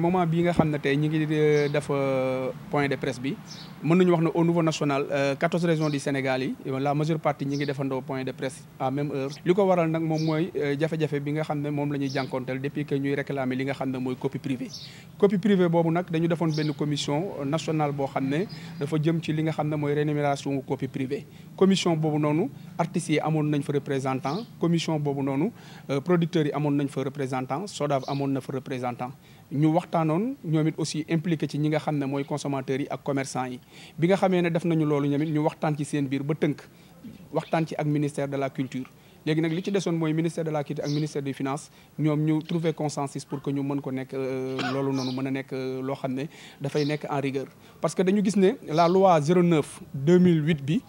moment bi nga xam ne ñi ngi euh, def euh, point de presse bi mën nañu wax au niveau national 14 euh, régions du Sénégal yi la majeure partie ñi ngi defandoo point de presse à même heure liko waral nak mom moy jafé jafé bi nga xam mom lañuy jankontel depuis que ñuy réclamer li nga xam moy copie privée copie privée bobu nak dañu defoon benn commission nationale bo xam dafa jëm ci li nga xam moy rémunération copie privée commission bobu nonu artistes yi amon nañ fa représentant commission bobu nonu producteurs yi amon nañ fa représentant SODAV amon na fa représentant ñu waxtanon ñoom aussi impliqué ci ñi nga xamné moy consommateurs yi ak commerçant yi bi nga xamé ne def nañu lolu ñamit ñu waxtan ci seen biir ba tënk waxtan ci ak ministère de la culture légui nak li ci déssone moy ministère de la culture ak ministère des finances ñoom ñu trouver consensus pour que ñu mën ko nek euh, lolu noonu mëna nek euh, lo xamné ne dafay nekk en rigueur parce que dañu gis né la loi 09 2008 bi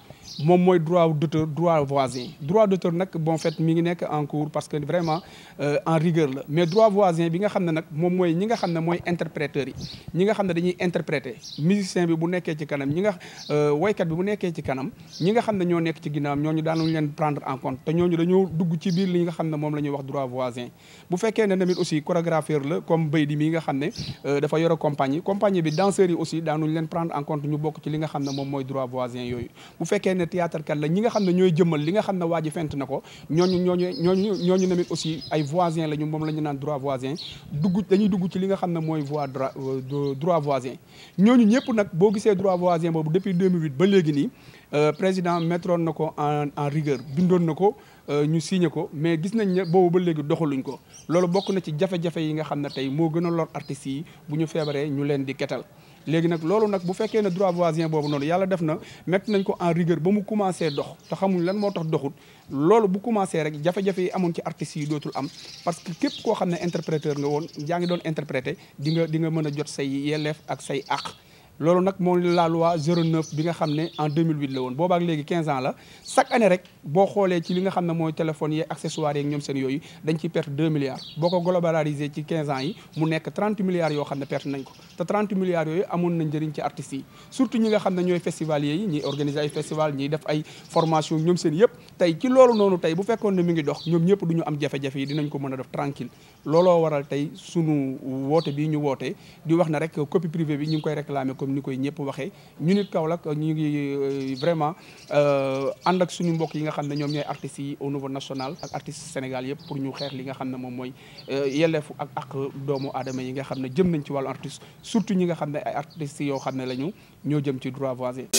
mon moi droit d'auteur droit voisin droit d'auteur nak bon fait mi ngi nek en cours parce que vraiment euh, en rigueur mais droit voisin bi nga xamné nak mom moy ñi nga xamné moy mooy yi ñi nga xamné dañuy interpréter musicien bi bu nekké ci kanam ñi nga euh, kat bi bu nekké ci kanam ñi nga xamné ño nekk ci ginnaaw ñooñu daanuñu leen prendre en compte te ñoñu dañu dugg ci biir li nga xamné mom lañuy wax droit voisin bu fekkee né tamit aussi chorégrapheur la comme béy di mi nga xamné ne euh, dafa yoro compagnie compagnie bi danseur yi aussi daanuñu leen prendre en compte ñu bokk ci li nga xamné mom moy droit voisin yoyu bu fekkee fekkee ne théâtre kat la ñi nga xam ne ñooy jëmmal li nga xam ne waa ji fent na ko ñooñu ñooñu ñooñu ñooñu tamit aussi ay voisin la ñu moom la ñu naan droit voisin dugg dañuy dugg ci li nga xam ne mooy voie euh, droit voisin ñooñu ñëpp nag boo gisee droit voisin boobu depuis 2008 ba léegi nii euh, président mettroon na ko en en rigueur bindoon na ko euh, ñu signé ko mais gis nañ ne boobu ba léegi doxaluñ ko loolu bokk na ci jafe-jafe yi nga xam ne tey moo gën a lor artistes yi bu ñu feebaree ñu leen di ketal léegi nag loolu nag bu fekkee ne droit voisin boobu noonu yàlla def na mettre nañ ko en rigueur ba mu commencé dox te xamuñ lan moo tax doxul loolu bu commencé rek jafe-jafe yi amoon ci artistes yi dootul am parce que képp koo xam ne interpréteur nga woon yaa ngi doon interprété di nga di mën a jot say yelleef ak say àq lolu nak mo la loi 09 bi nga xamné en 2008 la woon boobaak léegi 15 ans la chaque année rek bo xolé ci li nga xamné moy téléphone yi accessoires yi ñom seen yoyu dañ ci perte 2 milliards boko globaliser ci 15 ans yi mu nekk 30 milliards yo xamné ne perte nañ ko te 30 milliards yoyu amon nañ jëriñ ci artistes yi surtout ñi nga xamné ñoy festival yi ñi organiser ay festival ñi def ay formation ñom seen yépp tay ci lolu nonu tay bu fekkoon ne mi ngi dox ñom ñëpp duñu am jafé jafé yi dinañ ko mëna a def tranquille Lolo, waral tay sunu woote bi ñu woote di wax na rek copie privée bi ñu ngi koy réclamer ni koy ñëpp waxee ñu nit Kaolack ñu ngi euh, vraiment euh, ànd ak suñu mbokk yi nga xam ne ñoom ñooy artistes yi au niveau national ak artistes Sénégal yëpp pour ñu xeex li nga xam ne moom mooy euh, yelleefu ak ak doomu adama yi nga xam ne jëm nañ ci wàllu artiste surtout ñi nga xam ne ay artistes yoo xam ne la ñu ñoo jëm ci droit voisin